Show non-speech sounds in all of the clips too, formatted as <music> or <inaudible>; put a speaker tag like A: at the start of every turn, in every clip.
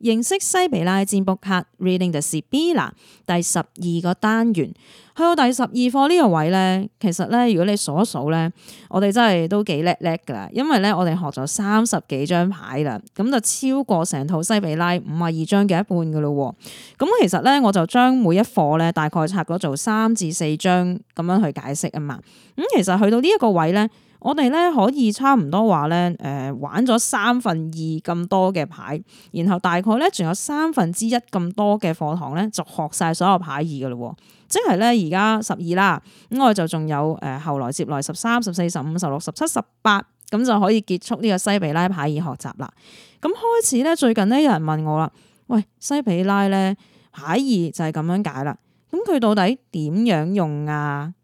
A: 認識西比拉占卜卡 Reading the Sibla 第十二個單元，去到第十二課呢個位咧，其實咧，如果你數一數咧，我哋真係都幾叻叻噶啦，因為咧我哋學咗三十幾張牌啦，咁就超過成套西比拉五呀二張嘅一半噶咯。咁、嗯、其實咧，我就將每一課咧大概拆咗做三至四張咁樣去解釋啊嘛。咁、嗯、其實去到呢一個位咧。我哋咧可以差唔多話咧，誒玩咗三分二咁多嘅牌，然後大概咧仲有三分之一咁多嘅課堂咧就學晒所有牌義嘅咯，即係咧而家十二啦，咁我就仲有誒後來接落十三、十四、十五、十六、十七、十八，咁就可以結束呢個西比拉牌義學習啦。咁開始咧，最近咧有人問我啦，喂，西比拉咧牌義就係咁樣解啦，咁佢到底點樣用啊？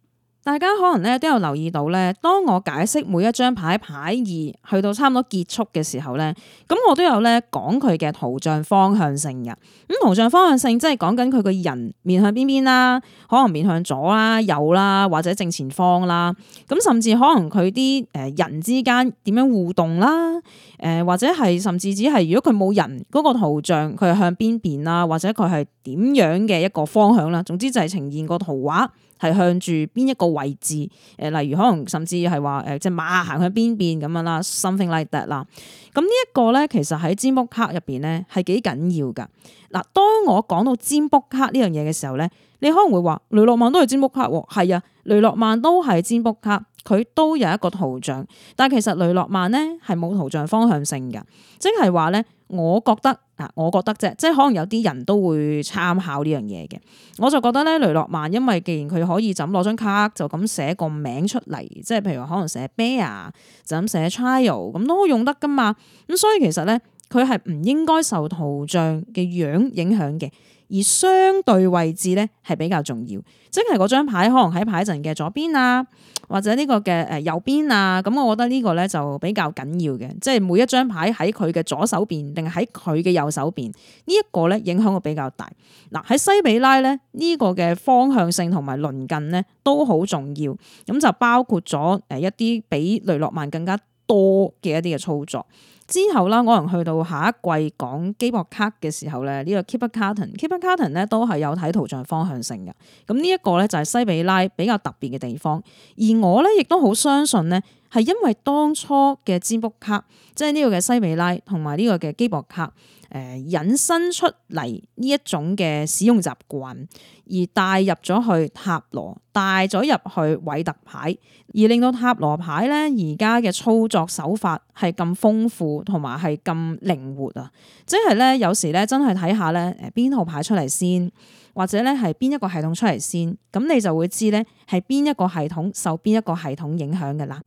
A: 大家可能咧都有留意到咧，當我解釋每一張牌牌義去到差唔多結束嘅時候咧，咁我都有咧講佢嘅圖像方向性嘅。咁圖像方向性即係講緊佢個人面向邊邊啦，可能面向左啦、右啦，或者正前方啦。咁甚至可能佢啲誒人之間點樣互動啦，誒或者係甚至只係如果佢冇人嗰個圖像，佢係向邊邊啦，或者佢係點樣嘅一個方向啦。總之就係呈現個圖畫。係向住邊一個位置？誒、呃，例如可能甚至係話誒，即、呃、馬行去邊邊咁樣啦，something like that 啦。咁、嗯這個、呢一個咧，其實喺占卜卡入邊咧係幾緊要噶。嗱，當我講到占卜卡呢樣嘢嘅時候咧，你可能會話雷諾曼都係占卜卡喎、哦，係啊，雷諾曼都係占卜卡。佢都有一個圖像，但係其實雷諾曼咧係冇圖像方向性嘅，即係話咧，我覺得啊，我覺得啫，即係可能有啲人都會參考呢樣嘢嘅。我就覺得咧，雷諾曼因為既然佢可以張就咁攞張卡就咁寫個名出嚟，即係譬如話可能寫 Bear 就咁寫 Child 咁都好用得噶嘛。咁所以其實咧，佢係唔應該受圖像嘅樣影響嘅。而相對位置咧係比較重要，即係嗰張牌可能喺牌陣嘅左邊啊，或者呢個嘅誒右邊啊，咁我覺得呢個咧就比較緊要嘅，即係每一張牌喺佢嘅左手邊，定係喺佢嘅右手邊，呢一個咧影響會比較大。嗱喺西比拉咧，呢個嘅方向性同埋鄰近咧都好重要，咁就包括咗誒一啲比雷諾曼更加多嘅一啲嘅操作。之後啦，可能去到下一季講基博卡嘅時候咧，呢個 Keeper Carton，Keeper Carton 咧都係有睇圖像方向性嘅。咁呢一個咧就係西比拉比較特別嘅地方，而我咧亦都好相信咧，係因為當初嘅占卜卡，即係呢個嘅西比拉同埋呢個嘅基博卡。誒引申出嚟呢一種嘅使用習慣，而帶入咗去塔羅，帶咗入去韋特牌，而令到塔羅牌咧而家嘅操作手法係咁豐富同埋係咁靈活啊！即係咧有時咧真係睇下咧誒邊套牌出嚟先，或者咧係邊一個系統出嚟先，咁你就會知咧係邊一個系統受邊一個系統影響㗎喇。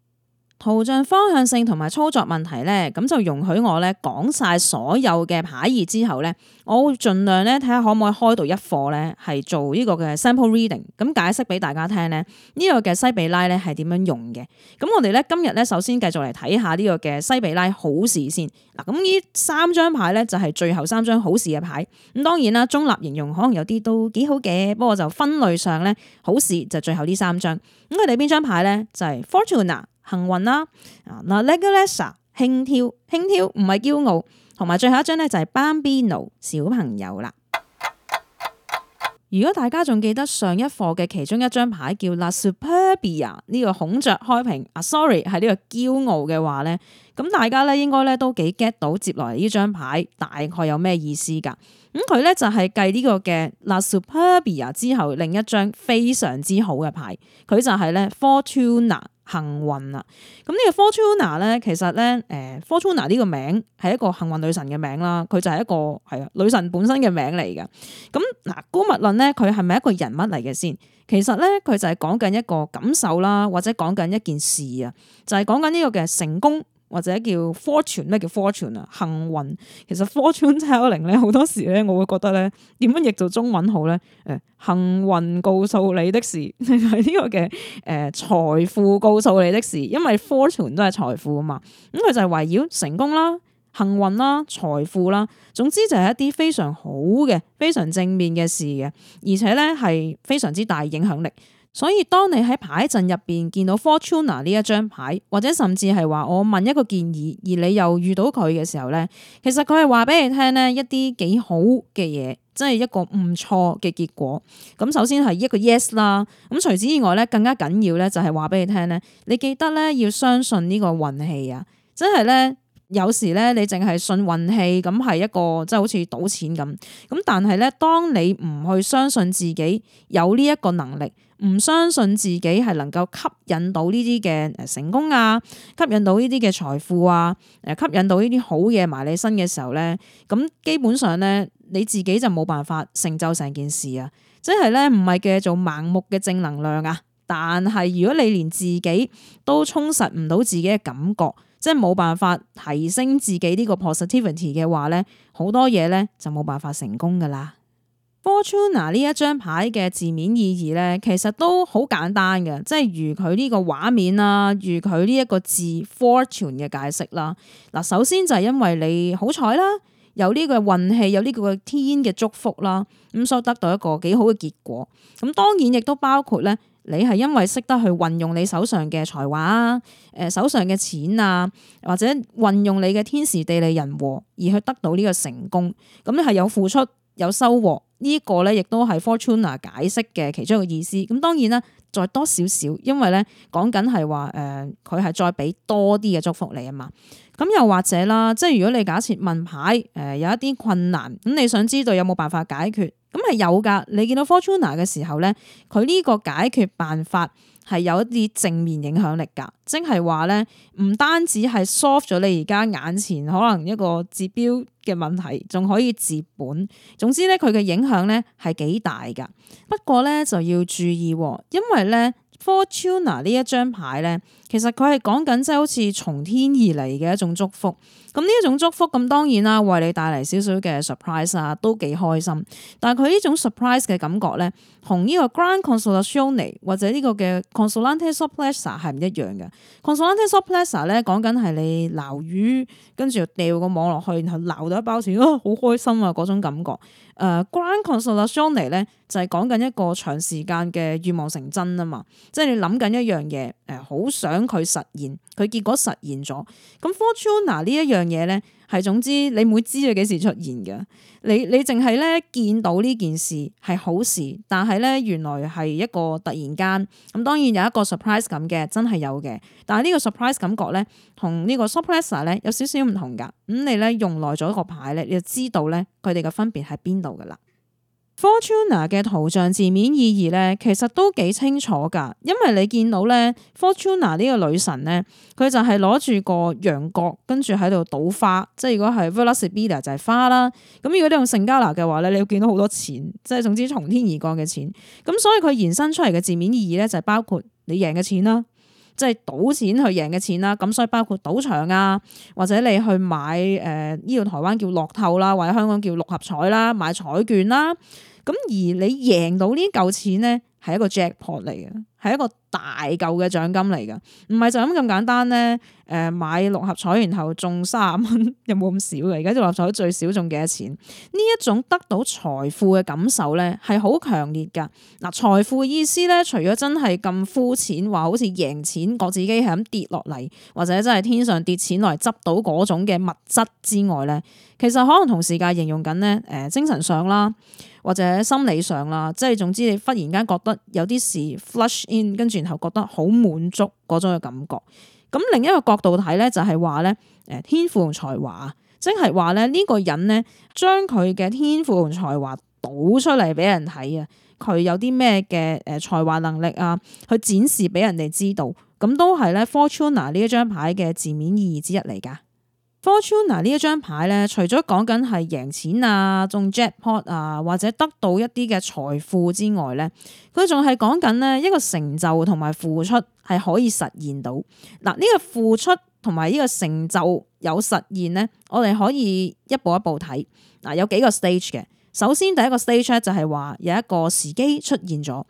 A: 圖像方向性同埋操作問題咧，咁就容許我咧講晒所有嘅牌意之後咧，我會盡量咧睇下可唔可以開到一課咧，係做呢個嘅 sample reading，咁解釋俾大家聽咧呢個嘅西比拉咧係點樣用嘅。咁我哋咧今日咧首先繼續嚟睇下呢個嘅西比拉好事先嗱，咁呢三張牌咧就係最後三張好事嘅牌咁當然啦，中立形容可能有啲都幾好嘅，不過就分類上咧好事就最後呢三張咁佢哋邊張牌咧就係 Fortuna。幸運啦，啊嗱 La Leggerezza 輕佻，輕佻唔係驕傲。同埋最後一張咧就係 Bambino 小朋友啦。如果大家仲記得上一課嘅其中一張牌叫 La Superbia 呢個孔雀開屏啊，sorry 係呢個驕傲嘅話咧，咁大家咧應該咧都幾 get 到接來呢張牌大概有咩意思噶。咁佢咧就係繼呢個嘅 La Superbia 之後另一張非常之好嘅牌，佢就係咧 Fortuna，幸運啦，咁呢、這個 Fortuna 咧、er,，其實咧，誒、呃、，Fortuna 呢、er、個名係一個幸運女神嘅名啦，佢就係一個係啊女神本身嘅名嚟嘅。咁、嗯、嗱，《姑墨論》咧，佢係咪一個人物嚟嘅先？其實咧，佢就係講緊一個感受啦，或者講緊一件事啊，就係講緊呢個嘅成功。或者叫 fortune 咩？叫 fortune 啊，幸運。其實 fortune telling 咧，好多時咧我會覺得咧，點樣譯做中文好咧？誒，幸運告訴你的事係呢、 <laughs> 這個嘅誒財富告訴你的事，因為 fortune 都係財富啊嘛。咁、嗯、佢就係圍繞成功啦、幸運啦、財富啦，總之就係一啲非常好嘅、非常正面嘅事嘅，而且咧係非常之大影響力。所以，當你喺牌陣入邊見到 Fortuna 呢一張牌，或者甚至係話我問一個建議，而你又遇到佢嘅時候咧，其實佢係話俾你聽咧一啲幾好嘅嘢，即係一個唔錯嘅結果。咁首先係一個 yes 啦。咁除此以外咧，更加緊要咧就係話俾你聽咧，你記得咧要相信呢個運氣啊。真係咧，有時咧你淨係信運氣咁係一個即係好似賭錢咁。咁但係咧，當你唔去相信自己有呢一個能力。唔相信自己係能夠吸引到呢啲嘅，誒成功啊，吸引到呢啲嘅財富啊，誒吸引到呢啲好嘢埋你身嘅時候咧，咁基本上咧你自己就冇辦法成就成件事啊！即係咧唔係叫做盲目嘅正能量啊，但係如果你連自己都充實唔到自己嘅感覺，即係冇辦法提升自己呢個 positivity 嘅話咧，好多嘢咧就冇辦法成功噶啦。Fortuna 呢一張牌嘅字面意義咧，其實都好簡單嘅，即係如佢呢個畫面啦，如佢呢一個字 Fortune 嘅解釋啦。嗱，首先就係因為你好彩啦，有呢個運氣，有呢個天嘅祝福啦，咁所以得到一個幾好嘅結果。咁當然亦都包括咧，你係因為識得去運用你手上嘅才華啊，誒手上嘅錢啊，或者運用你嘅天時地利人和而去得到呢個成功。咁你係有付出有收穫。呢個咧亦都係 Fortuna、er、解釋嘅其中一個意思。咁當然啦，再多少少，因為咧講緊係話誒，佢係、呃、再俾多啲嘅祝福你啊嘛。咁又或者啦，即係如果你假設問牌誒、呃、有一啲困難，咁、嗯、你想知道有冇辦法解決？咁、嗯、係有㗎。你見到 Fortuna 嘅、er、時候咧，佢呢個解決辦法。係有一啲正面影響力㗎，即係話咧，唔單止係 soft 咗你而家眼前可能一個治標嘅問題，仲可以治本。總之咧，佢嘅影響咧係幾大㗎。不過咧就要注意，因為咧 Fortuna 呢一張牌咧。其實佢係講緊即係好似從天而嚟嘅一種祝福，咁呢一種祝福咁當然啦，為你帶嚟少少嘅 surprise 啊，都幾開心。但係佢呢種 surprise 嘅感覺咧，同呢個 grand consolation、e，或者呢個嘅 consolante suplessa 係唔一樣嘅。consolante suplessa 咧講緊係你撈魚，跟住掉個網落去，然後撈到一包錢啊，好開心啊嗰種感覺。誒、uh，grand consolation 呢、e，咧就係講緊一個長時間嘅願望成真啊嘛，即係你諗緊一樣嘢，誒、呃、好想。等佢實現，佢結果實現咗。咁 fortune 呢一樣嘢咧，係總之你唔會知佢幾時出現嘅。你你淨係咧見到呢件事係好事，但係咧原來係一個突然間咁，當然有一個 surprise 感嘅，真係有嘅。但係呢個 surprise 感、感覺咧，同呢個 surprise 咧有少少唔同噶。咁你咧用耐咗個牌咧，你就知道咧佢哋嘅分別喺邊度噶啦。Fortuna 嘅圖像字面意義咧，其實都幾清楚噶，因為你見到咧，Fortuna 呢個女神咧，佢就係攞住個羊角，跟住喺度倒花，即係如果係 Vulacida 就係花啦，咁如果你用聖加納嘅話咧，你會見到好多錢，即係總之從天而降嘅錢，咁所以佢延伸出嚟嘅字面意義咧，就係包括你贏嘅錢啦。即係賭錢去贏嘅錢啦，咁所以包括賭場啊，或者你去買誒呢度台灣叫樂透啦，或者香港叫六合彩啦，買彩券啦，咁而你贏到呢嚿錢咧，係一個 jackpot 嚟嘅。係一個大嚿嘅獎金嚟噶，唔係就咁咁簡單咧。誒，買六合彩然後中卅蚊，有冇咁少嘅？而家啲六合彩最少中幾多錢？呢一種得到財富嘅感受咧，係好強烈噶。嗱，財富意思咧，除咗真係咁膚淺，話好似贏錢，覺自己係咁跌落嚟，或者真係天上跌錢落嚟執到嗰種嘅物質之外咧，其實可能同時間形容緊咧，誒、呃，精神上啦，或者心理上啦，即係總之你忽然間覺得有啲事 flush。跟住，然後覺得好滿足嗰種嘅感覺。咁另一個角度睇咧，就係話咧，誒，天賦同才華，即係話咧呢個人咧，將佢嘅天賦同才華倒出嚟俾人睇啊。佢有啲咩嘅誒才華能力啊，去展示俾人哋知道，咁都係咧 Fortuna 呢一張牌嘅字面意義之一嚟㗎。Fortuna 呢一張牌咧，除咗講緊係贏錢啊，中 jackpot 啊，或者得到一啲嘅財富之外咧，佢仲係講緊咧一個成就同埋付出係可以實現到。嗱，呢個付出同埋呢個成就有實現咧，我哋可以一步一步睇。嗱，有幾個 stage 嘅，首先第一個 stage 咧就係話有一個時機出現咗。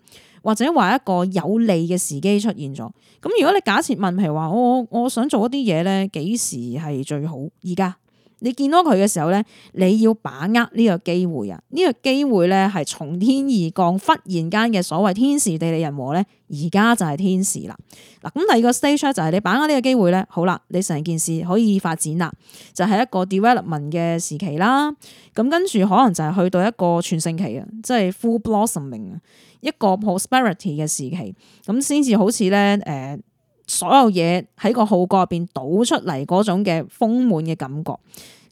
A: 或者話一個有利嘅時機出現咗，咁如果你假設問，譬如話我我想做一啲嘢咧，幾時係最好？而家？你見到佢嘅時候咧，你要把握呢個機會啊！呢個機會咧，係從天而降，忽然間嘅所謂天時地利人和咧，而家就係天時啦。嗱，咁第二個 stage 就係你把握呢個機會咧，好啦，你成件事可以發展啦，就係一個 development 嘅時期啦。咁跟住可能就係去到一個全盛期啊，即係 full blossoming 啊，一個 prosperity 嘅時期，咁先至好似咧誒。呃所有嘢喺個號角入邊倒出嚟嗰種嘅豐滿嘅感覺，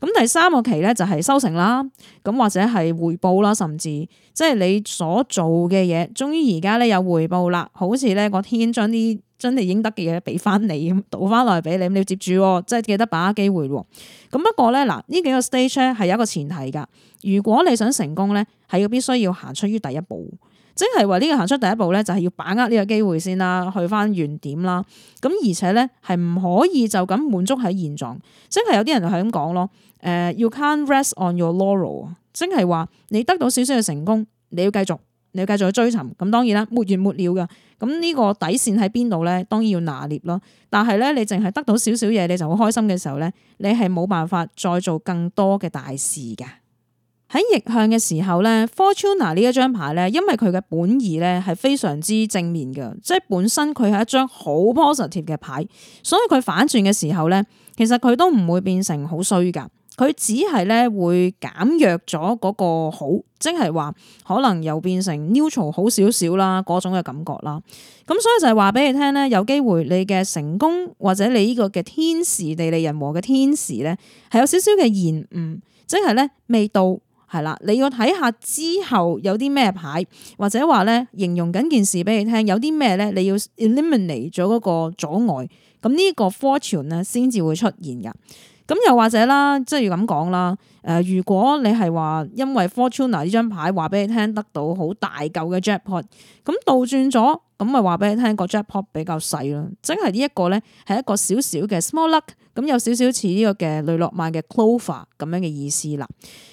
A: 咁第三個期咧就係收成啦，咁或者係回報啦，甚至即係你所做嘅嘢，終於而家咧有回報啦，好似咧個天將啲真係應得嘅嘢俾翻你，咁倒翻落嚟俾你，你要接住哦，即係記得把握機會。咁不過咧，嗱，呢幾個 stage 咧係有一個前提噶，如果你想成功咧，係要必須要行出於第一步。即係話呢個行出第一步咧，就係要把握呢個機會先啦，去翻原點啦。咁而且咧，係唔可以就咁滿足喺現狀。即係有啲人係咁講咯，誒，you can't rest on your laurel。即係話你得到少少嘅成功，你要繼續，你要繼續去追尋。咁當然啦，沒完沒了噶。咁呢個底線喺邊度咧？當然要拿捏咯。但係咧，你淨係得到少少嘢，你就好開心嘅時候咧，你係冇辦法再做更多嘅大事㗎。喺逆向嘅時候咧，Fortuna 呢一張牌咧，因為佢嘅本意咧係非常之正面嘅，即係本身佢係一張好 positive 嘅牌，所以佢反轉嘅時候咧，其實佢都唔會變成好衰噶，佢只係咧會減弱咗嗰個好，即係話可能又變成 neutral 好少少啦嗰種嘅感覺啦。咁所以就係話俾你聽咧，有機會你嘅成功或者你呢個嘅天時地利人和嘅天時咧，係有少少嘅延誤，即係咧未到。係啦，你要睇下之後有啲咩牌，或者話咧形容緊件事俾你聽，有啲咩咧你要 eliminate 咗嗰個阻礙，咁呢個 fortune 咧先至會出現噶。咁又或者啦，即係要咁講啦，誒、呃，如果你係話因為 fortune、er、呢張牌話俾你聽得到好大嚿嘅 jackpot，咁倒轉咗。咁咪話俾你聽個 Jackpot 比較細咯，即係呢一個咧係一個少少嘅 small luck 咁有少少似呢個嘅雷諾曼嘅 Clover 咁樣嘅意思啦。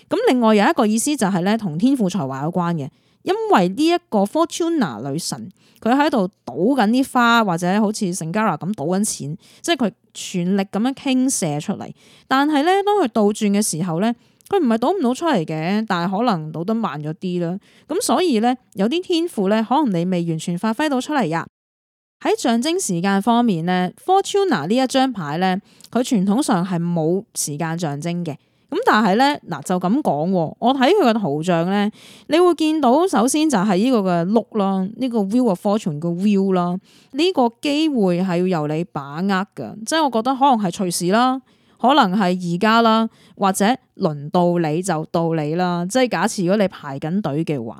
A: 咁另外有一個意思就係咧同天賦才華有關嘅，因為呢一個 Fortuna 女神佢喺度賭緊啲花或者好似聖加拉咁賭緊錢，即係佢全力咁樣傾射出嚟。但係咧當佢倒轉嘅時候咧，佢唔係倒唔到出嚟嘅，但係可能倒得慢咗啲啦。咁所以咧，有啲天賦咧，可能你未完全發揮到出嚟呀。喺象徵時間方面咧，Fortuna 呢一張牌咧，佢傳統上係冇時間象徵嘅。咁但係咧，嗱就咁講，我睇佢個圖像咧，你會見到首先就係呢個嘅 look 啦，呢個 Wheel of Fortune 個 Wheel 啦，呢個機會係要由你把握噶，即係我覺得可能係隨時啦。可能係而家啦，或者輪到你就到你啦，即係假設如果你排緊隊嘅話，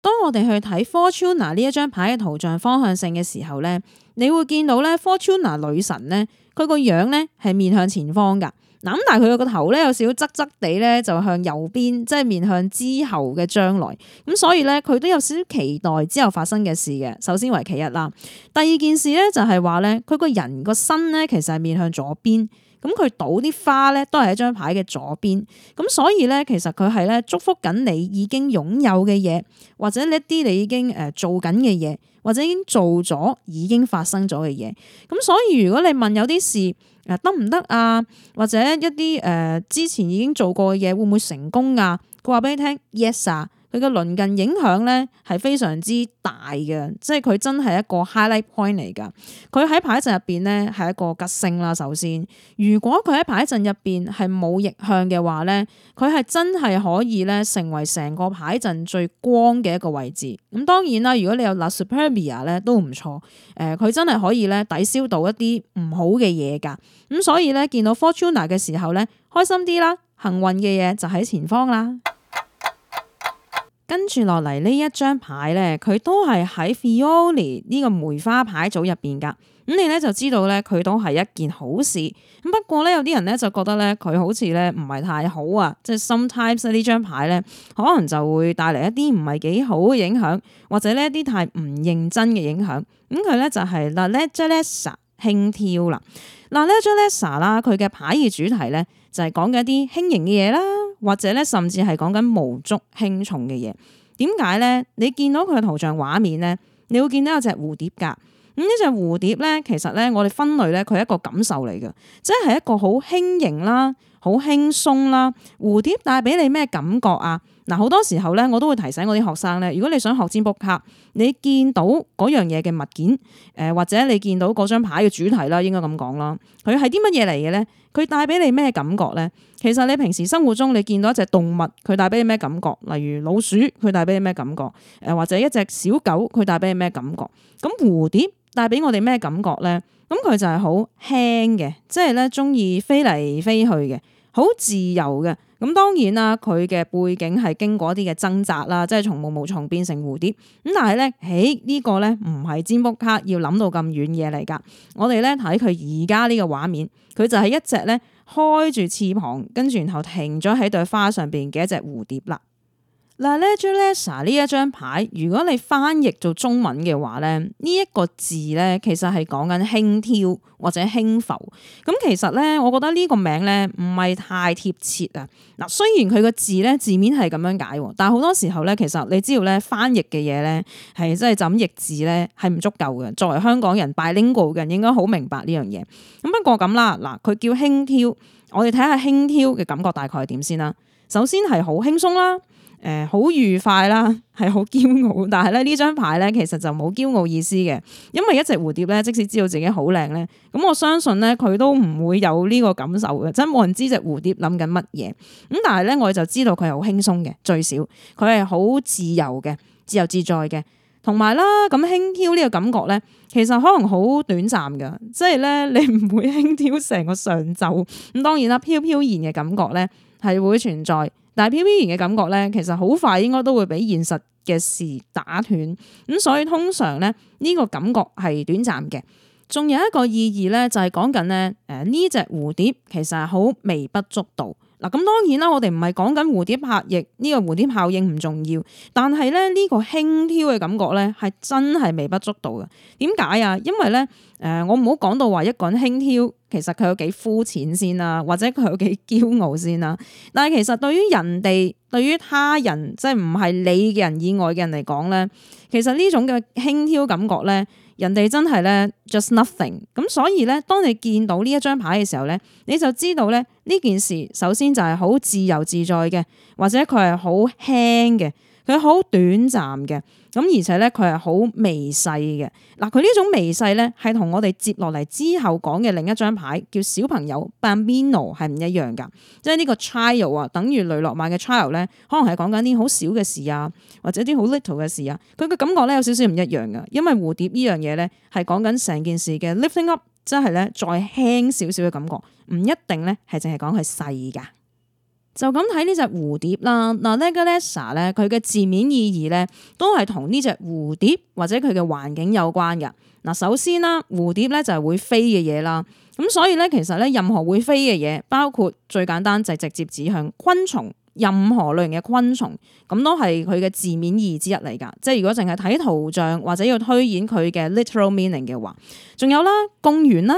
A: 當我哋去睇 Fortuna 呢一張牌嘅圖像方向性嘅時候咧，你會見到咧 Fortuna 女神咧，佢個樣咧係面向前方噶，嗱咁但係佢個頭咧有少少側側地咧就向右邊，即係面向之後嘅將來，咁所以咧佢都有少少期待之後發生嘅事嘅，首先為其一啦。第二件事咧就係話咧，佢個人個身咧其實係面向左邊。咁佢倒啲花咧，都係喺張牌嘅左邊。咁所以咧，其實佢係咧祝福緊你已經擁有嘅嘢，或者一啲你已經誒做緊嘅嘢，或者已經做咗已經發生咗嘅嘢。咁所以如果你問有啲事誒得唔得啊？或者一啲誒之前已經做過嘅嘢會唔會成功啊？佢話俾你聽，yes 啊！佢嘅鄰近影響咧係非常之大嘅，即係佢真係一個 highlight point 嚟噶。佢喺牌陣入邊咧係一個吉星啦，首先，如果佢喺牌陣入邊係冇逆向嘅話咧，佢係真係可以咧成為成個牌陣最光嘅一個位置。咁當然啦，如果你有 luck superior 咧都唔錯。誒、呃，佢真係可以咧抵消到一啲唔好嘅嘢噶。咁、嗯、所以咧見到 Fortuna 嘅時候咧，開心啲啦，幸運嘅嘢就喺前方啦。跟住落嚟呢一張牌咧，佢都係喺 Fiori 呢個梅花牌組入邊噶。咁、嗯、你咧就知道咧，佢都係一件好事。咁、嗯、不過咧，有啲人咧就覺得咧，佢好似咧唔係太好啊。即係 sometimes 張呢張牌咧，可能就會帶嚟一啲唔係幾好嘅影響，或者呢一啲太唔認真嘅影響。咁佢咧就係嗱 Leggerezza 輕佻啦。嗱 Leggerezza 啦，佢嘅牌嘅主題咧。就係講緊一啲輕盈嘅嘢啦，或者咧甚至係講緊無足輕重嘅嘢。點解咧？你見到佢嘅圖像畫面咧，你會見到有隻蝴蝶噶。咁呢隻蝴蝶咧，其實咧我哋分類咧，佢係一個感受嚟嘅，即係一個好輕盈啦。好輕鬆啦！蝴蝶帶俾你咩感覺啊？嗱，好多時候咧，我都會提醒我啲學生咧。如果你想學占卜卡，你見到嗰樣嘢嘅物件，誒、呃、或者你見到嗰張牌嘅主題啦，應該咁講啦。佢係啲乜嘢嚟嘅咧？佢帶俾你咩感覺咧？其實你平時生活中你見到一隻動物，佢帶俾你咩感覺？例如老鼠，佢帶俾你咩感覺？誒、呃、或者一隻小狗，佢帶俾你咩感覺？咁蝴蝶，帶俾我哋咩感覺咧？咁佢就係好輕嘅，即係咧，中意飛嚟飛去嘅，好自由嘅。咁當然啦，佢嘅背景係經過一啲嘅掙扎啦，即係從毛毛蟲變成蝴蝶。咁但係咧，誒呢、呢個咧唔係占卜卡要諗到咁遠嘢嚟㗎。我哋咧睇佢而家呢個畫面，佢就係一隻咧開住翅膀，跟住然後停咗喺對花上邊嘅一隻蝴蝶啦。嗱，呢張 l 呢一張牌，如果你翻譯做中文嘅話咧，呢、這、一個字咧，其實係講緊輕佻或者輕浮。咁其實咧，我覺得呢個名咧唔係太貼切啊。嗱，雖然佢個字咧字面係咁樣解，但係好多時候咧，其實你知道咧翻譯嘅嘢咧係真係就咁、是、譯字咧係唔足夠嘅。作為香港人，bilingual 嘅人應該好明白呢樣嘢。咁不過咁啦，嗱，佢叫輕佻，我哋睇下輕佻嘅感覺大概係點先啦。首先係好輕鬆啦。誒，好、呃、愉快啦，係好驕傲，但係咧呢張牌咧，其實就冇驕傲意思嘅，因為一隻蝴蝶咧，即使知道自己好靚咧，咁我相信咧佢都唔會有呢個感受嘅，真係冇人知隻蝴蝶諗緊乜嘢。咁但係咧我就知道佢係好輕鬆嘅，最少佢係好自由嘅，自由自在嘅，同埋啦，咁輕佻呢個感覺咧，其實可能好短暫噶，即係咧你唔會輕佻成個上晝，咁當然啦，飄飄然嘅感覺咧。係會存在，但係飄飄然嘅感覺咧，其實好快應該都會俾現實嘅事打斷，咁所以通常咧呢個感覺係短暫嘅。仲有一個意義咧，就係講緊咧，誒，呢隻蝴蝶其實係好微不足道。咁當然啦，我哋唔係講緊蝴蝶拍翼呢個蝴蝶效應唔重要，但係咧呢個輕佻嘅感覺咧係真係微不足道嘅。點解啊？因為咧，誒，我唔好講到話一個人輕佻，其實佢有幾膚淺先啦，或者佢有幾驕傲先啦。但係其實對於人哋，對於他人，即係唔係你嘅人以外嘅人嚟講咧，其實呢種嘅輕佻感覺咧。人哋真係咧，just nothing。咁所以咧，當你見到呢一張牌嘅時候咧，你就知道咧，呢件事首先就係好自由自在嘅，或者佢係好輕嘅。佢好短暫嘅，咁而且咧，佢係好微細嘅。嗱，佢呢種微細咧，係同我哋接落嚟之後講嘅另一張牌叫小朋友 （Bambino） 係唔一樣噶。即係呢個 child 啊，等於雷諾曼嘅 child 咧，可能係講緊啲好少嘅事啊，或者啲好 little 嘅事啊。佢嘅感覺咧，有少少唔一樣噶，因為蝴蝶呢樣嘢咧係講緊成件事嘅 lifting up，即係咧再輕少少嘅感覺，唔一定咧係淨係講佢細噶。就咁睇呢隻蝴蝶啦，嗱呢 e g a 咧，佢嘅字面意義咧，都係同呢隻蝴蝶或者佢嘅環境有關嘅。嗱，首先啦，蝴蝶咧就係會飛嘅嘢啦，咁所以咧，其實咧任何會飛嘅嘢，包括最簡單，就直接指向昆蟲，任何類型嘅昆蟲，咁都係佢嘅字面意義之一嚟㗎。即係如果淨係睇圖像或者要推演佢嘅 literal meaning 嘅話，仲有啦，公園啦。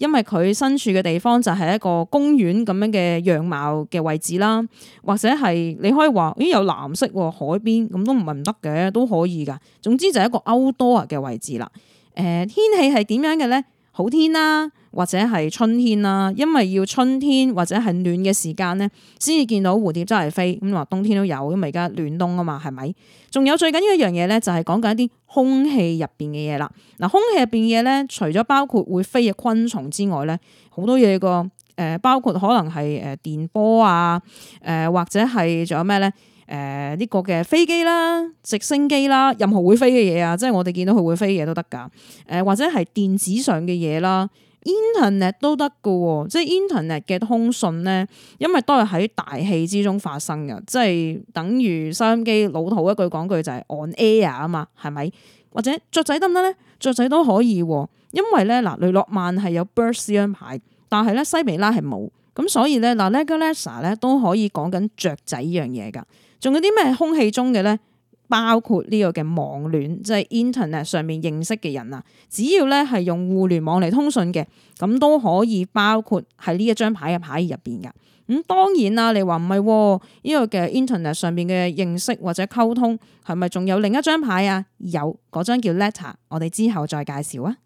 A: 因為佢身處嘅地方就係一個公園咁樣嘅樣貌嘅位置啦，或者係你可以話咦有藍色海邊咁都唔係唔得嘅都可以噶，總之就係一個 outdoor 嘅位置啦。誒、呃，天氣係點樣嘅咧？好天啦，或者係春天啦，因為要春天或者係暖嘅時間咧，先至見到蝴蝶真係飛。咁話冬天都有，因為而家暖冬啊嘛，係咪？仲有最緊要一樣嘢咧，就係講緊一啲空氣入邊嘅嘢啦。嗱，空氣入邊嘅嘢咧，除咗包括會飛嘅昆蟲之外咧，好多嘢個誒，包括可能係誒電波啊，誒或者係仲有咩咧？誒呢、呃這個嘅飛機啦、直升機啦、任何會飛嘅嘢啊，即係我哋見到佢會飛嘅嘢都得㗎。誒、呃、或者係電子上嘅嘢啦，internet 都得嘅喎，即係 internet 嘅通訊咧，因為都係喺大氣之中發生嘅，即係等於收音機老土一句講句就係 on air 啊嘛，係咪？或者雀仔得唔得咧？雀仔都可以、哦，因為咧嗱雷諾曼係有 Birds 牌，但係咧西美拉係冇，咁所以咧嗱 legolas 咧都可以講緊雀仔呢樣嘢㗎。仲有啲咩空氣中嘅咧？包括呢個嘅網戀，即係 Internet 上面認識嘅人啊！只要咧係用互聯網嚟通訊嘅，咁都可以包括喺呢一張牌嘅牌入邊嘅。咁當然啦，你話唔係喎？呢個嘅 Internet 上面嘅認識或者溝通，係咪仲有另一張牌啊？有嗰張叫 Letter，我哋之後再介紹啊。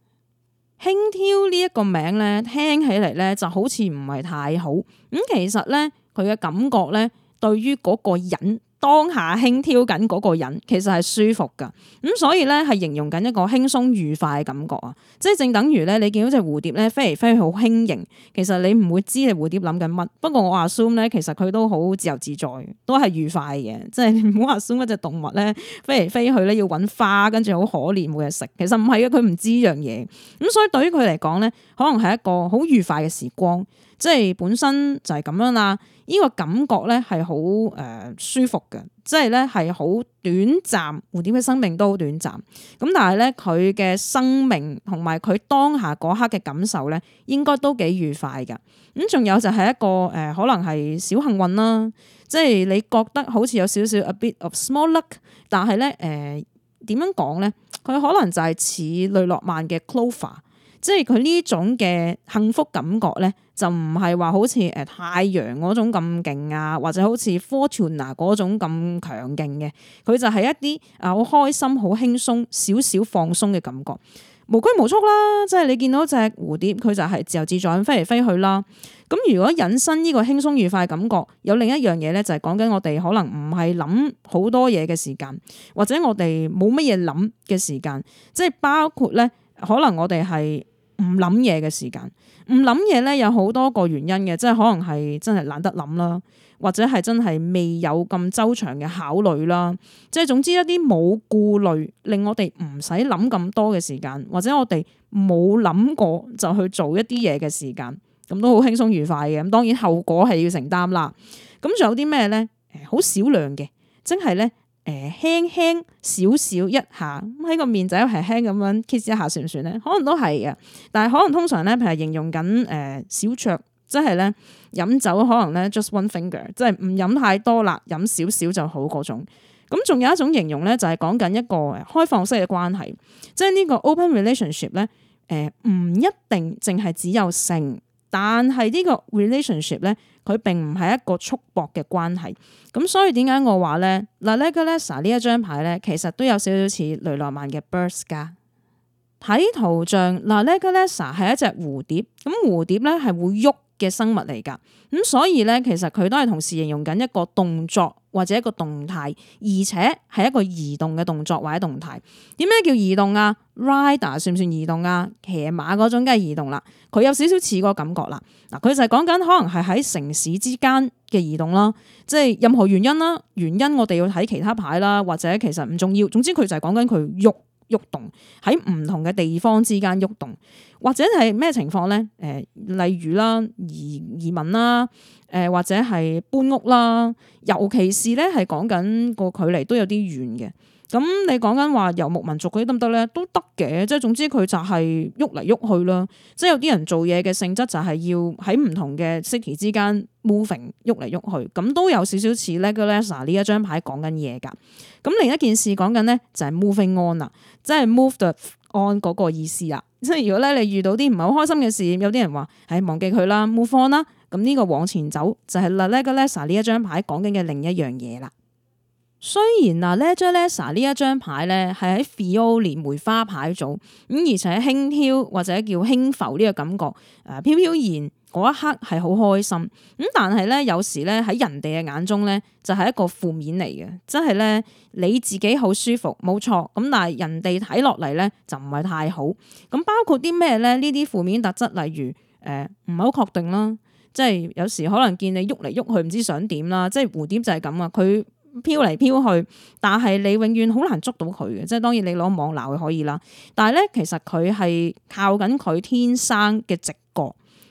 A: 輕佻呢一個名咧，聽起嚟咧就好似唔係太好。咁其實咧，佢嘅感覺咧。對於嗰個人當下輕佻緊嗰個人，其實係舒服噶，咁、嗯、所以咧係形容緊一個輕鬆愉快嘅感覺啊！即係正等於咧，你見到隻蝴蝶咧飛嚟飛去好輕盈，其實你唔會知你蝴蝶諗緊乜。不過我 assume 咧，其實佢都好自由自在，都係愉快嘅。即係你唔好 assume 嗰隻動物咧飛嚟飛去咧要搵花，跟住好可憐每日食。其實唔係啊，佢唔知樣嘢，咁、嗯、所以對於佢嚟講咧，可能係一個好愉快嘅時光。即係本身就係咁樣啦，呢、這個感覺咧係好誒舒服嘅，即係咧係好短暫，蝴蝶嘅生命都好短暫。咁但係咧佢嘅生命同埋佢當下嗰刻嘅感受咧，應該都幾愉快噶。咁仲有就係一個誒、呃，可能係小幸運啦，即係你覺得好似有少少 a bit of small luck，但係咧誒點樣講咧？佢可能就係似雷諾曼嘅 Clover，即係佢呢種嘅幸福感覺咧。就唔係話好似誒太陽嗰種咁勁啊，或者好似 Fortuna 嗰種咁強勁嘅，佢就係一啲啊好開心、好輕鬆、少少放鬆嘅感覺，無拘無束啦。即係你見到隻蝴蝶，佢就係自由自在咁飛嚟飛去啦。咁如果引申呢個輕鬆愉快嘅感覺，有另一樣嘢咧，就係講緊我哋可能唔係諗好多嘢嘅時間，或者我哋冇乜嘢諗嘅時間，即係包括咧，可能我哋係。唔諗嘢嘅時間，唔諗嘢咧，有好多個原因嘅，即係可能係真係懶得諗啦，或者係真係未有咁周長嘅考慮啦，即係總之一啲冇顧慮令我哋唔使諗咁多嘅時間，或者我哋冇諗過就去做一啲嘢嘅時間，咁都好輕鬆愉快嘅。咁當然後果係要承擔啦。咁仲有啲咩咧？誒，好少量嘅，即係咧。誒輕輕少少一下咁喺個面仔又輕輕咁樣 kiss 一下，算唔算咧？可能都係嘅，但係可能通常咧，譬如形容緊誒、呃、小酌，即係咧飲酒，可能咧 just one finger，即係唔飲太多啦，飲少少就好嗰種。咁仲有一種形容咧，就係講緊一個開放式嘅關係，即係呢個 open relationship 咧誒，唔、呃、一定淨係只有性。但係呢個 relationship 咧，佢並唔係一個束縛嘅關係，咁所以點解我話咧？嗱，Legolas 呢一張牌咧，其實都有少少似雷諾曼嘅 birds 噶。睇圖像，嗱，Legolas 係一隻蝴蝶，咁蝴蝶咧係會喐嘅生物嚟噶，咁所以咧，其實佢都係同時形容緊一個動作。或者一個動態，而且係一個移動嘅動作或者動態。點咩叫移動啊？Rider 算唔算移動啊？騎馬嗰種梗係移動啦，佢有少少似個感覺啦。嗱，佢就係講緊可能係喺城市之間嘅移動咯，即係任何原因啦。原因我哋要睇其他牌啦，或者其實唔重要。總之佢就係講緊佢喐。喐動喺唔同嘅地方之間喐動，動，或者係咩情況咧？誒、呃，例如啦，移移民啦，誒、呃，或者係搬屋啦，尤其是咧係講緊個距離都有啲遠嘅。咁、嗯、你講緊話遊牧民族嗰啲得唔得咧？都得嘅，即係總之佢就係喐嚟喐去啦。即係有啲人做嘢嘅性質就係要喺唔同嘅 city 之間 moving 喐嚟喐去，咁、嗯、都有少少似 Legolas a 呢一張牌講緊嘢㗎。咁另一件事講緊咧，就係 moving on 啦，即係 move the on 嗰個意思啦。即係如果咧你遇到啲唔係好開心嘅事，有啲人話，係、哎、忘記佢啦，move on 啦。咁、這、呢個往前走就係啦，lega l e 呢一張牌講緊嘅另一樣嘢啦。雖然嗱 lega l e 呢一張牌咧係喺 fio 連梅花牌組，咁而且輕佻，或者叫輕浮呢個感覺，誒飄飄然。嗰一刻係好開心，咁但係咧，有時咧喺人哋嘅眼中咧，就係一個負面嚟嘅，即係咧你自己好舒服，冇錯，咁但係人哋睇落嚟咧就唔係太好，咁包括啲咩咧？呢啲負面特質，例如誒唔係好確定啦，即係有時可能見你喐嚟喐去，唔知想點啦，即係蝴蝶就係咁啊，佢飄嚟飄去，但係你永遠好難捉到佢嘅，即係當然你攞網撈佢可以啦，但係咧其實佢係靠緊佢天生嘅直。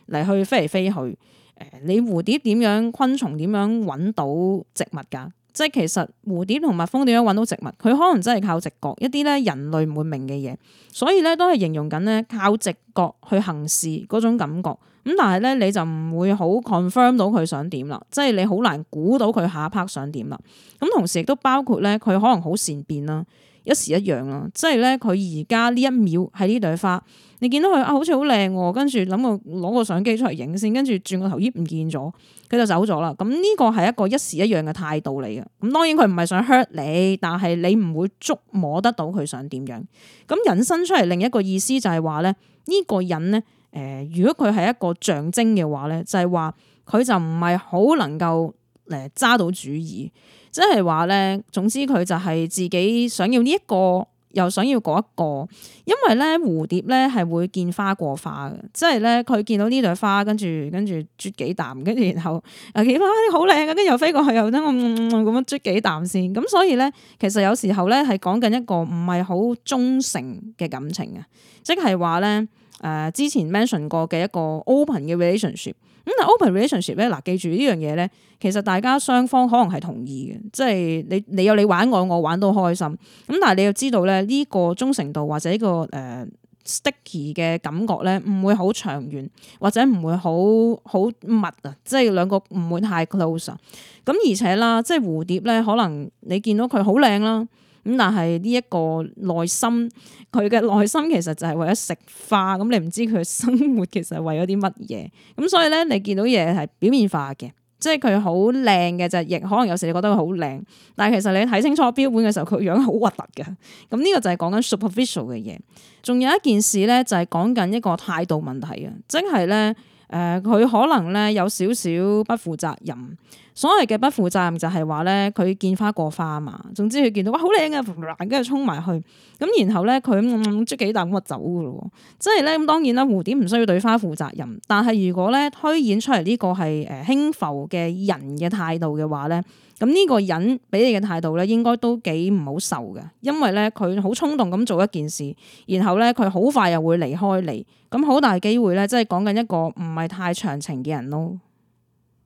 A: 嚟去飛嚟飛去，誒、呃、你蝴蝶點樣昆蟲點樣揾到植物㗎？即係其實蝴蝶同蜜蜂點樣揾到植物？佢可能真係靠直覺，一啲咧人類唔會明嘅嘢。所以咧都係形容緊咧靠直覺去行事嗰種感覺。咁但係咧你就唔會好 confirm 到佢想點啦，即係你好難估到佢下一 part 想點啦。咁同時亦都包括咧佢可能好善變啦，一時一樣啦。即係咧佢而家呢一秒喺呢朵花。你見到佢啊，好似好靚喎，跟住諗個攞個相機出嚟影先，跟住轉個頭，咦唔見咗，佢就走咗啦。咁呢個係一個一時一樣嘅態度嚟嘅。咁當然佢唔係想 hurt 你，但係你唔會捉摸得到佢想點樣。咁引申出嚟另一個意思就係話咧，呢、這個人咧，誒、呃，如果佢係一個象徵嘅話咧，就係話佢就唔係好能夠誒揸、呃、到主意，即係話咧，總之佢就係自己想要呢、這、一個。又想要嗰一個，因為咧蝴蝶咧係會見花過花嘅，即係咧佢見到呢朵花，跟住跟住啜幾啖，跟住然後啊，其他好靚呀，跟住又飛過去，又得咁樣啜幾啖先。咁所以咧，其實有時候咧係講緊一個唔係好忠誠嘅感情呀，即係話咧誒之前 mention 過嘅一個 open 嘅 relationship。咁但係 open relationship 咧，嗱，記住呢樣嘢咧，其實大家雙方可能係同意嘅，即係你你有你玩，我我玩都開心。咁但係你要知道咧，呢個忠誠度或者呢、這個誒、uh, sticky 嘅感覺咧，唔會好長遠，或者唔會好好密啊，即係兩個唔會太 close 啊。咁而且啦，即係蝴蝶咧，可能你見到佢好靚啦。咁但係呢一個內心，佢嘅內心其實就係為咗食花。咁你唔知佢生活其實係為咗啲乜嘢。咁所以咧，你見到嘢係表面化嘅，即係佢好靚嘅就係，亦可能有時你覺得佢好靚，但係其實你睇清楚標本嘅時候，佢樣係好核突嘅。咁呢個就係講緊 superficial 嘅嘢。仲有一件事咧，就係講緊一個態度問題啊，即係咧。誒佢、呃、可能咧有少少不負責任，所謂嘅不負責任就係話咧，佢見花過花啊嘛，總之佢見到哇好靚啊，跟住衝埋去，咁然後咧佢啜幾啖咁就走噶咯喎，即係咧，咁當然啦，蝴蝶唔需要對花負責任，但係如果咧推演出嚟呢個係誒輕浮嘅人嘅態度嘅話咧。咁呢個人俾你嘅態度咧，應該都幾唔好受嘅，因為咧佢好衝動咁做一件事，然後咧佢好快又會離開你，咁好大機會咧，即係講緊一個唔係太長情嘅人咯。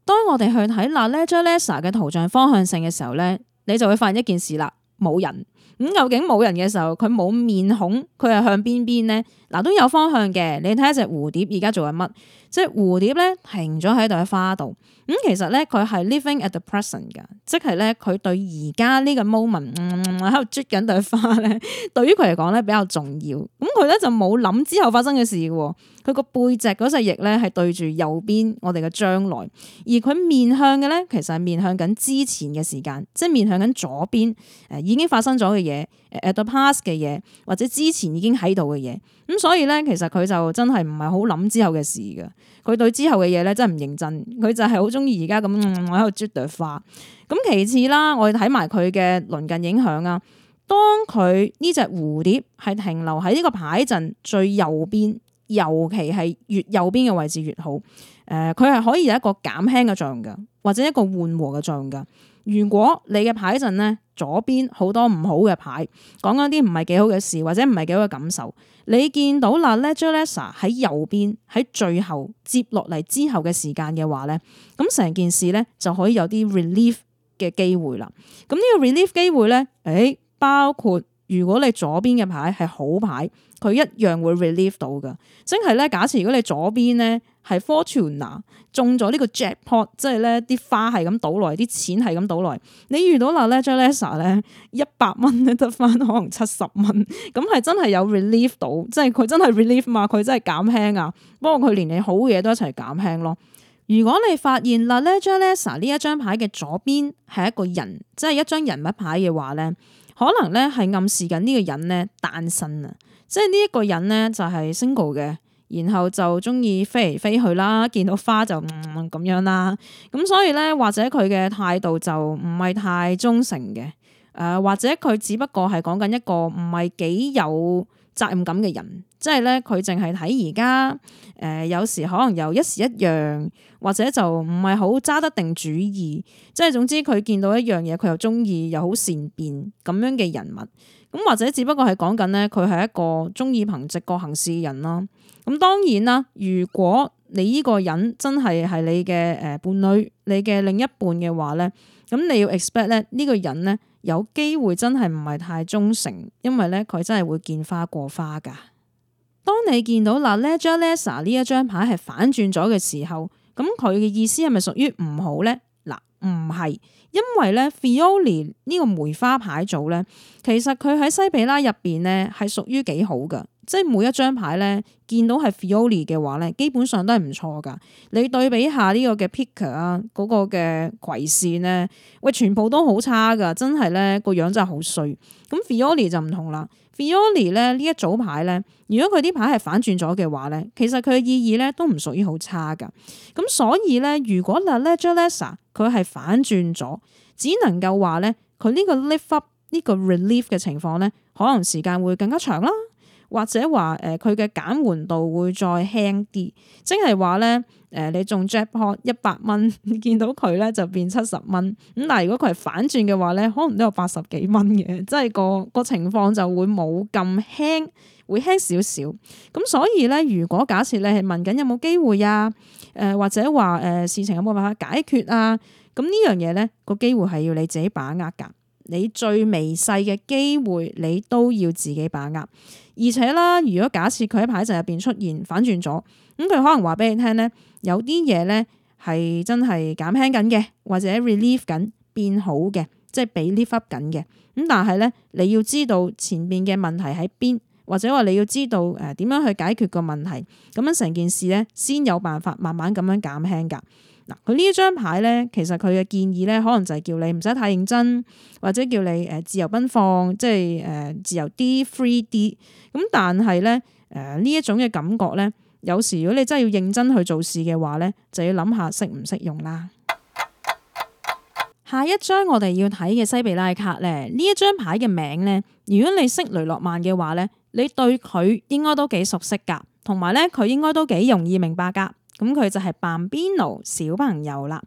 A: 當我哋去睇娜莉莎嘅圖像方向性嘅時候咧，你就會發現一件事啦，冇人。咁究竟冇人嘅時候，佢冇面孔，佢係向邊邊咧？嗱，都有方向嘅。你睇一隻蝴蝶而家做緊乜？即係蝴蝶咧停咗喺度喺花度。咁、嗯、其實咧佢係 living at the present 噶，即係咧佢對而家呢個 moment 喺度啜緊朵花咧， <laughs> 對於佢嚟講咧比較重要。咁佢咧就冇諗之後發生嘅事。佢個背脊嗰隻翼咧係對住右邊，我哋嘅將來。而佢面向嘅咧，其實係面向緊之前嘅時間，即係面向緊左邊誒已經發生咗嘅嘢。At the past 嘅嘢或者之前已經喺度嘅嘢，咁所以咧其實佢就真係唔係好諗之後嘅事嘅，佢對之後嘅嘢咧真係唔認真，佢就係好中意而家。咁我喺度 absolute 化。咁其次啦，我睇埋佢嘅鄰近影響啊，當佢呢隻蝴蝶係停留喺呢個牌陣最右邊，尤其係越右邊嘅位置越好。誒，佢係、呃、可以有一個減輕嘅象㗎，或者一個緩和嘅象㗎。如果你嘅牌陣咧左邊好多唔好嘅牌，講緊啲唔係幾好嘅事，或者唔係幾好嘅感受，你見到啦 l e t a l e s a 喺右邊喺最後接落嚟之後嘅時間嘅話咧，咁成件事咧就可以有啲 relief 嘅機會啦。咁呢個 relief 機會咧，誒、哎、包括。如果你左邊嘅牌係好牌，佢一樣會 relieve 到㗎。即係咧，假設如果你左邊咧係 Fortuna，中咗呢個 jackpot，即係咧啲花係咁倒來，啲錢係咁倒來，你遇到那 Ladjalesa 咧，一百蚊咧得返可能七十蚊，咁係真係有 relieve 到，即係佢真係 relieve 嘛，佢真係減輕啊。不過佢連你好嘢都一齊減輕咯。如果你發現那 Ladjalesa 呢一張牌嘅左邊係一個人，即係一張人物牌嘅話咧。可能咧係暗示緊呢個人咧單身啊，即係呢一個人咧就係 single 嘅，然後就中意飛嚟飛去啦，見到花就唔咁樣啦，咁所以咧或者佢嘅態度就唔係太忠誠嘅，誒、呃、或者佢只不過係講緊一個唔係幾有責任感嘅人。即係咧，佢淨係睇而家誒，有時可能又一時一樣，或者就唔係好揸得定主意。即係總之，佢見到一樣嘢，佢又中意，又好善變咁樣嘅人物。咁或者只不過係講緊咧，佢係一個中意憑直覺行事嘅人咯。咁當然啦，如果你呢個人真係係你嘅誒伴侶，你嘅另一半嘅話咧，咁你要 expect 咧呢個人咧有機會真係唔係太忠誠，因為咧佢真係會見花過花噶。當你見到嗱呢張 l e a 呢一張牌係反轉咗嘅時候，咁佢嘅意思係咪屬於唔好咧？嗱，唔係，因為咧 fiori 呢個梅花牌組咧，其實佢喺西比拉入邊咧係屬於幾好嘅，即係每一張牌咧見到係 fiori 嘅話咧，基本上都係唔錯噶。你對比下呢個嘅 picker 啊嗰個嘅葵線咧，喂，全部都好差噶，真係咧個樣真係好衰。咁 fiori 就唔同啦。v i o n i 咧呢一組牌咧，如果佢啲牌係反轉咗嘅話咧，其實佢嘅意義咧都唔屬於好差噶。咁所以咧，如果 l e g i l a t a r e 佢係反轉咗，只能夠話咧，佢呢個 lift up 呢個 relief 嘅情況咧，可能時間會更加長啦。或者話誒，佢嘅減緩度會再輕啲，即係話咧誒，你仲 Jack 一百蚊，見到佢咧就變七十蚊咁。但係如果佢係反轉嘅話咧，可能都有八十幾蚊嘅，即係個個情況就會冇咁輕，會輕少少咁。所以咧，如果假設你係問緊有冇機會啊，誒、呃、或者話誒、呃、事情有冇辦法解決啊，咁呢樣嘢咧個機會係要你自己把握㗎。你最微細嘅機會，你都要自己把握。而且啦，如果假設佢喺牌陣入邊出現反轉咗，咁佢可能話俾你聽咧，有啲嘢咧係真係減輕緊嘅，或者 relieve 緊變好嘅，即係被 lift up 緊嘅。咁但係咧，你要知道前面嘅問題喺邊，或者話你要知道誒點樣去解決個問題，咁樣成件事咧先有辦法慢慢咁樣減輕噶。嗱，佢呢一張牌咧，其實佢嘅建議咧，可能就係叫你唔使太認真，或者叫你誒、呃、自由奔放，即係誒、呃、自由啲、free、呃、啲。咁但係咧，誒，呢一種嘅感覺咧，有時如果你真係要認真去做事嘅話咧，就要諗下識唔識用啦。下一張我哋要睇嘅西比拉卡咧，張呢一張牌嘅名咧，如果你識雷諾曼嘅話咧，你對佢應該都幾熟悉㗎，同埋咧佢應該都幾容易明白㗎。咁佢就係扮邊路小朋友啦，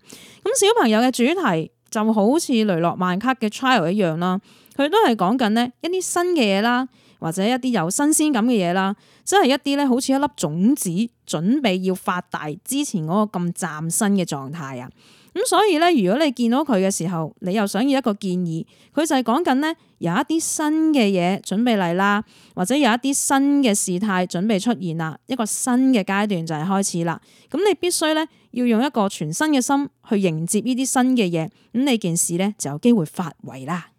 A: 咁小朋友嘅主題就好似雷諾曼卡嘅 trial 一樣啦，佢都係講緊呢一啲新嘅嘢啦，或者一啲有新鮮感嘅嘢啦，即係一啲咧好似一粒種子準備要發大之前嗰個咁嶄新嘅狀態啊。咁所以咧，如果你見到佢嘅時候，你又想要一個建議，佢就係講緊呢：「有一啲新嘅嘢準備嚟啦，或者有一啲新嘅事態準備出現啦，一個新嘅階段就係開始啦。」咁你必須咧要用一個全新嘅心去迎接呢啲新嘅嘢，咁你件事呢，就有機會發圍啦。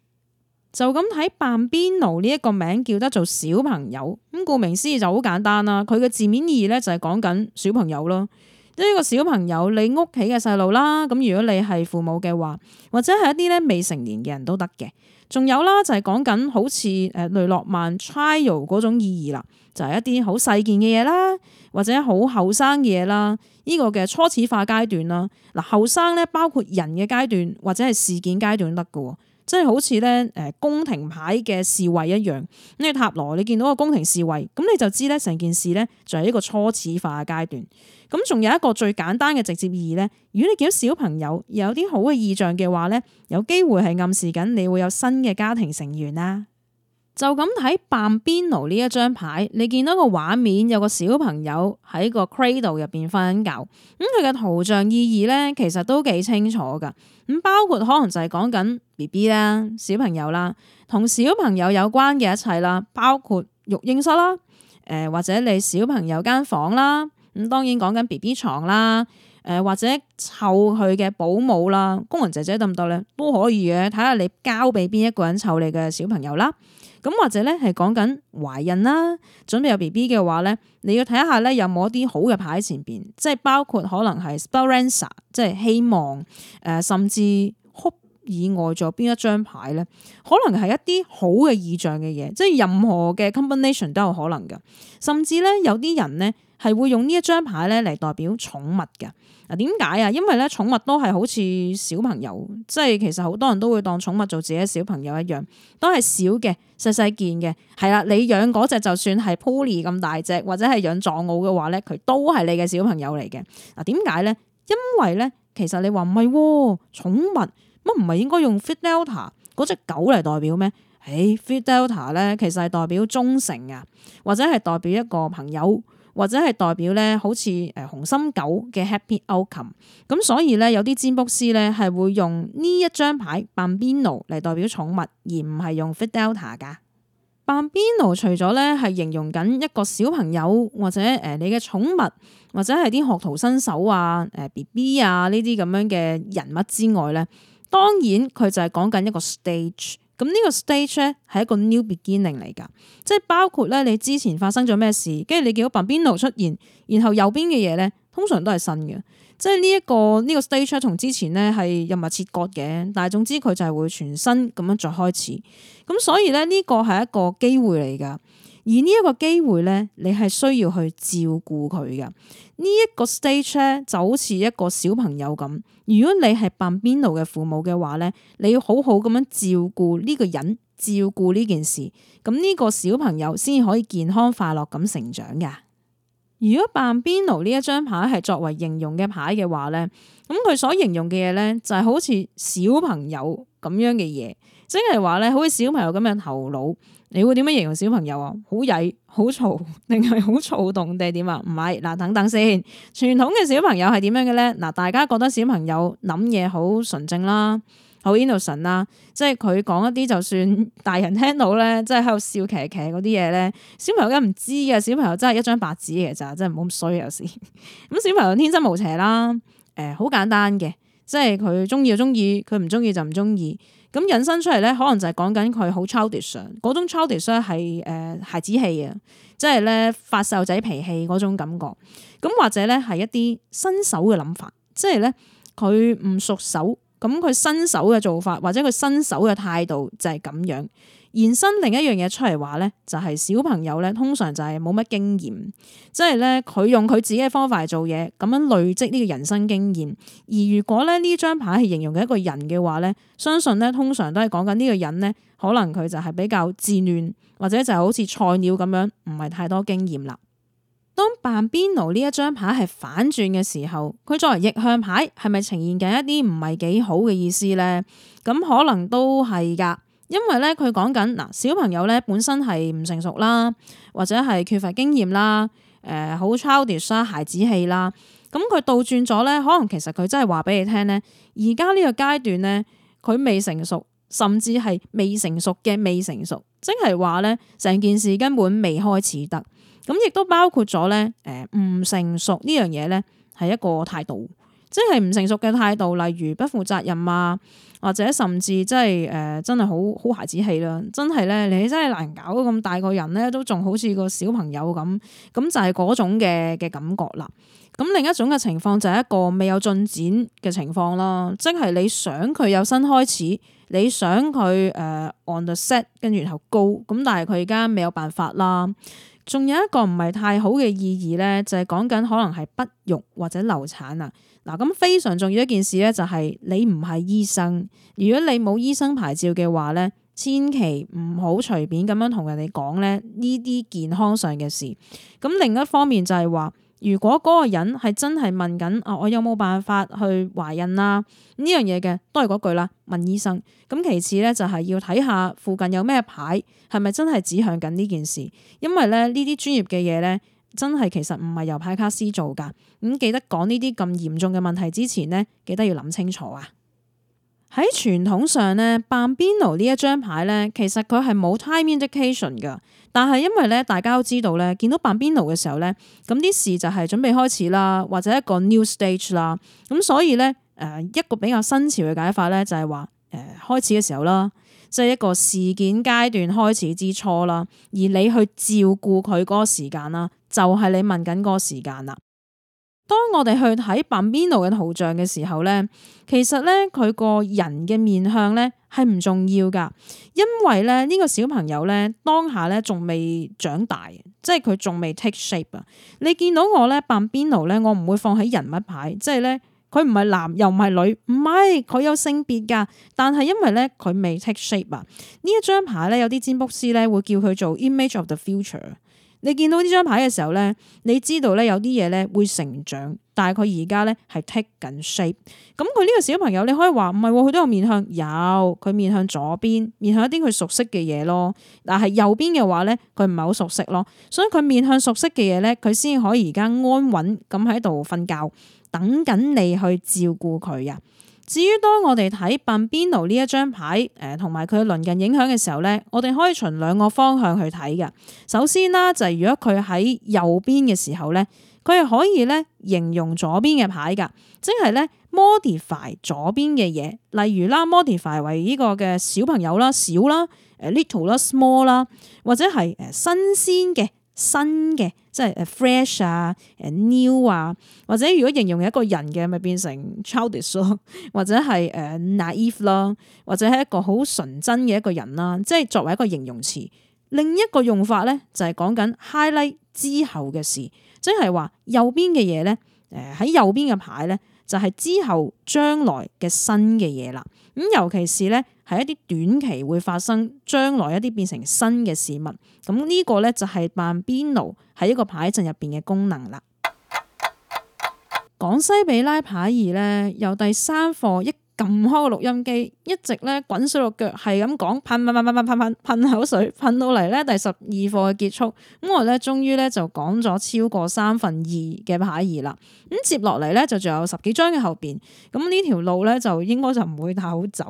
A: 就咁睇《扮邊爐》呢一個名叫得做小朋友，咁顧名思義就好簡單啦。佢嘅字面意義咧就係講緊小朋友咯。呢個小朋友，你屋企嘅細路啦，咁如果你係父母嘅話，或者係一啲咧未成年嘅人都得嘅。仲有啦，就係講緊好似誒雷諾曼 child 嗰種意義啦，就係一啲好細件嘅嘢啦，或者好後生嘅嘢啦，呢個嘅初始化階段啦。嗱，後生咧，包括人嘅階段或者係事件階段得嘅。即係好似咧，誒宮廷牌嘅侍衛一樣。你塔羅你見到個宮廷侍衛，咁你就知咧成件事咧就係一個初始化階段。咁仲有一個最簡單嘅直接意義咧，如果你見到小朋友有啲好嘅意象嘅話咧，有機會係暗示緊你會有新嘅家庭成員啦。就咁睇扮邊爐呢一張牌，你見到個畫面有個小朋友喺個 cradle 入邊瞓緊覺。咁佢嘅圖像意義咧，其實都幾清楚噶。咁、嗯、包括可能就係講緊 B B 啦，小朋友啦，同小朋友有關嘅一切啦，包括育嬰室啦，誒、呃、或者你小朋友間房啦。咁、嗯、當然講緊 B B 床啦，誒、呃、或者湊佢嘅保姆啦，工人姐姐得唔得咧？都可以嘅，睇下你交俾邊一個人湊你嘅小朋友啦。咁或者咧係講緊懷孕啦，準備有 B B 嘅話咧，你要睇下咧有冇一啲好嘅牌喺前邊，即係包括可能係 Speranza，即係希望誒，甚至 hope 以外仲有邊一張牌咧，可能係一啲好嘅意象嘅嘢，即係任何嘅 combination 都有可能㗎，甚至咧有啲人咧，係會用呢一張牌咧嚟代表寵物嘅啊？點解啊？因為咧寵物都係好似小朋友，即係其實好多人都會當寵物做自己嘅小朋友一樣，都係小嘅、細細件嘅。係啦，你養嗰隻就算係 Puli 咁大隻，或者係養藏獒嘅話咧，佢都係你嘅小朋友嚟嘅。啊，點解咧？因為咧，其實你話唔係，寵物乜唔係應該用 Fidelity 嗰隻狗嚟代表咩？誒，Fidelity 咧其實係代表忠誠啊，或者係代表一個朋友。或者係代表咧，好似誒紅心狗嘅 Happy Outcome，咁所以咧有啲占卜師咧係會用呢一張牌《Bambino》嚟代表寵物，而唔係用 Fidelta 噶。《Bambino》除咗咧係形容緊一個小朋友或者誒你嘅寵物，或者係啲學徒新手、呃 BB、啊、誒 BB 啊呢啲咁樣嘅人物之外咧，當然佢就係講緊一個 stage。咁呢個 stage 咧係一個 new beginning 嚟㗎，即係包括咧你之前發生咗咩事，跟住你見到旁邊嗰度出現，然後右邊嘅嘢咧通常都係新嘅，即係呢一個呢、這個 stage 同之前咧係有物切割嘅，但係總之佢就係會全新咁樣再開始，咁所以咧呢、這個係一個機會嚟㗎。而呢一個機會咧，你係需要去照顧佢嘅。呢、這、一個 stage 呢就好似一個小朋友咁。如果你係 Bambino 嘅父母嘅話咧，你要好好咁樣照顧呢個人，照顧呢件事，咁、這、呢個小朋友先可以健康快樂咁成長嘅。如果 Bambino 呢一張牌係作為形容嘅牌嘅話咧，咁佢所形容嘅嘢咧就係好似小朋友咁樣嘅嘢。即係話咧，好似小朋友咁樣頭腦，你會點樣形容小朋友啊？好曳、好嘈，定係好躁動，定係點啊？唔係嗱，等等先。傳統嘅小朋友係點樣嘅咧？嗱，大家覺得小朋友諗嘢好純正啦，好 innocent 啦，即係佢講一啲就算大人聽到咧，即係喺度笑騎騎嗰啲嘢咧，小朋友梗唔知嘅。小朋友真係一張白紙嘅咋，真係唔好咁衰有時。咁小朋友天真無邪啦，誒、呃，好簡單嘅，即係佢中意就中意，佢唔中意就唔中意。咁引申出嚟咧，可能就係講緊佢好 childish 嗰種 childish 係誒孩子氣啊，即係咧發細路仔脾氣嗰種感覺。咁或者咧係一啲新手嘅諗法，即係咧佢唔熟手，咁佢新手嘅做法或者佢新手嘅態度就係咁樣。延伸另一樣嘢出嚟話咧，就係小朋友咧，通常就係冇乜經驗，即係咧佢用佢自己嘅方法嚟做嘢，咁樣累積呢個人生經驗。而如果咧呢張牌係形容一個人嘅話咧，相信咧通常都係講緊呢個人咧，可能佢就係比較自戀，或者就係好似菜鳥咁樣，唔係太多經驗啦。當扮邊爐呢一張牌係反轉嘅時候，佢作為逆向牌，係咪呈現緊一啲唔係幾好嘅意思咧？咁可能都係噶。因為咧佢講緊嗱小朋友咧本身係唔成熟啦，或者係缺乏經驗啦，誒好 childish 啦，孩子氣啦，咁佢倒轉咗咧，可能其實佢真係話俾你聽咧，而家呢個階段咧佢未成熟，甚至係未成熟嘅未成熟，即係話咧成件事根本未開始得，咁亦都包括咗咧誒唔成熟呢樣嘢咧係一個態度。即係唔成熟嘅態度，例如不負責任啊，或者甚至即係誒，真係好好孩子氣啦。真係咧，你真係難搞，咁大個人咧都仲好似個小朋友咁，咁就係嗰種嘅嘅感覺啦。咁另一種嘅情況就係一個未有進展嘅情況啦，即係你想佢有新開始，你想佢誒 on the set 跟住然後 go 咁，但係佢而家未有辦法啦。仲有一個唔係太好嘅意義咧，就係講緊可能係不育或者流產啊。嗱，咁非常重要一件事咧，就係你唔係醫生，如果你冇醫生牌照嘅話咧，千祈唔好隨便咁樣同人哋講咧呢啲健康上嘅事。咁另一方面就係話，如果嗰個人係真係問緊啊，我有冇辦法去懷孕啦呢樣嘢嘅，都係嗰句啦，問醫生。咁其次咧就係要睇下附近有咩牌，係咪真係指向緊呢件事？因為咧呢啲專業嘅嘢咧。真係其實唔係由派卡斯做噶，咁、嗯、記得講呢啲咁嚴重嘅問題之前呢，記得要諗清楚啊！喺傳統上呢，棒邊奴呢一張牌呢，其實佢係冇 time indication 噶，但係因為呢，大家都知道呢，見到棒邊奴嘅時候呢，咁啲事就係準備開始啦，或者一個 new stage 啦，咁所以呢，誒、呃、一個比較新潮嘅解法呢，就係話，誒開始嘅時候啦。即係一個事件階段開始之初啦，而你去照顧佢嗰個時間啦，就係、是、你問緊嗰個時間啦。當我哋去睇 Bambino 嘅圖像嘅時候咧，其實咧佢個人嘅面向咧係唔重要㗎，因為咧呢個小朋友咧當下咧仲未長大，即係佢仲未 take shape 啊。你見到我咧 Bambino 咧，我唔會放喺人物牌，即係咧。佢唔係男又唔係女，唔係，佢有性別噶，但係因為咧佢未 take shape 啊！呢一張牌咧，有啲占卜師咧會叫佢做 image of the future。你見到呢張牌嘅時候咧，你知道咧有啲嘢咧會成長，但係佢而家咧係 take 緊 shape。咁佢呢個小朋友你可以話唔係，佢都有面向，有，佢面向左邊，面向一啲佢熟悉嘅嘢咯。但係右邊嘅話咧，佢唔係好熟悉咯，所以佢面向熟悉嘅嘢咧，佢先可以而家安穩咁喺度瞓覺。等緊你去照顧佢呀。至於當我哋睇棒邊爐呢一張牌，誒同埋佢鄰近影響嘅時候咧，我哋可以循兩個方向去睇㗎。首先啦，就係如果佢喺右邊嘅時候咧，佢係可以咧形容左邊嘅牌噶，即係咧 modify 左邊嘅嘢，例如啦 modify 為呢個嘅小朋友啦、少啦、誒 little 啦、small 啦，或者係誒新鮮嘅。新嘅即係 fresh 啊，new 啊，或者如果形容一個人嘅咪變成 childish 咯，或者係誒 naive 咯，或者係一個好純真嘅一個人啦，即係作為一個形容詞。另一個用法咧就係講緊 highlight 之後嘅事，即係話右邊嘅嘢咧，誒喺右邊嘅牌咧就係之後將來嘅新嘅嘢啦。咁尤其是咧。係一啲短期會發生，將來一啲變成新嘅事物，咁、這、呢個咧就係萬變爐喺一個牌陣入邊嘅功能啦。廣西比拉牌二咧，有第三課一。撳開個錄音機，一直咧滾水落腳，係咁講噴噴噴噴噴噴噴，噴噴噴噴噴噴噴口水噴到嚟咧第十二課嘅結束。咁我咧終於咧就講咗超過三分二嘅牌義啦。咁接落嚟咧就仲有十幾張嘅後邊。咁呢條路咧就應該就唔會太好走。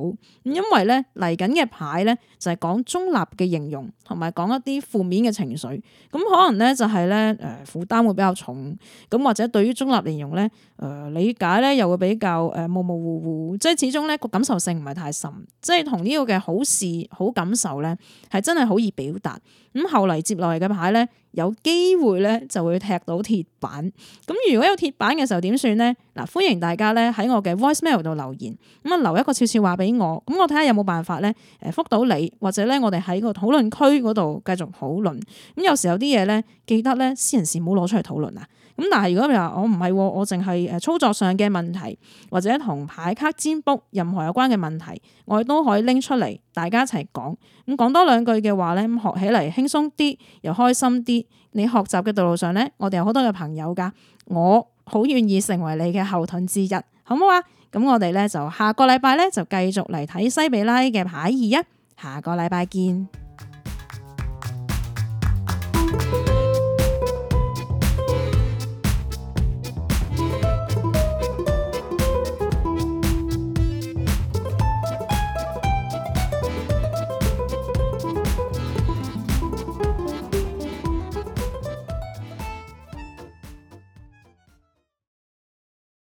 A: 咁因為咧嚟緊嘅牌咧就係講中立嘅形容，同埋講一啲負面嘅情緒。咁可能咧就係咧誒負擔會比較重。咁或者對於中立形容咧誒理解咧又會比較誒模、呃、模糊糊糊，即即始終咧個感受性唔係太深，即係同呢個嘅好事好感受咧係真係好易表達。咁後嚟，接落嚟嘅牌咧，有機會咧就會踢到鐵板。咁如果有鐵板嘅時候點算咧？嗱，歡迎大家咧喺我嘅 voice mail 度留言，咁啊留一個悄悄話俾我。咁我睇下有冇辦法咧，誒，覆到你，或者咧我哋喺個討論區嗰度繼續討論。咁有時候啲嘢咧，記得咧私人事唔好攞出嚟討論啊。咁但係如果你話我唔係，我淨係誒操作上嘅問題或者同牌卡占卜任何有關嘅問題，我都可以拎出嚟大家一齊講。咁講多兩句嘅話咧，咁學起嚟輕鬆啲，又開心啲。你學習嘅道路上咧，我哋有好多嘅朋友噶，我好願意成為你嘅後盾之一，好唔好啊？咁我哋咧就下個禮拜咧就繼續嚟睇西比拉嘅牌二啊！下個禮拜見。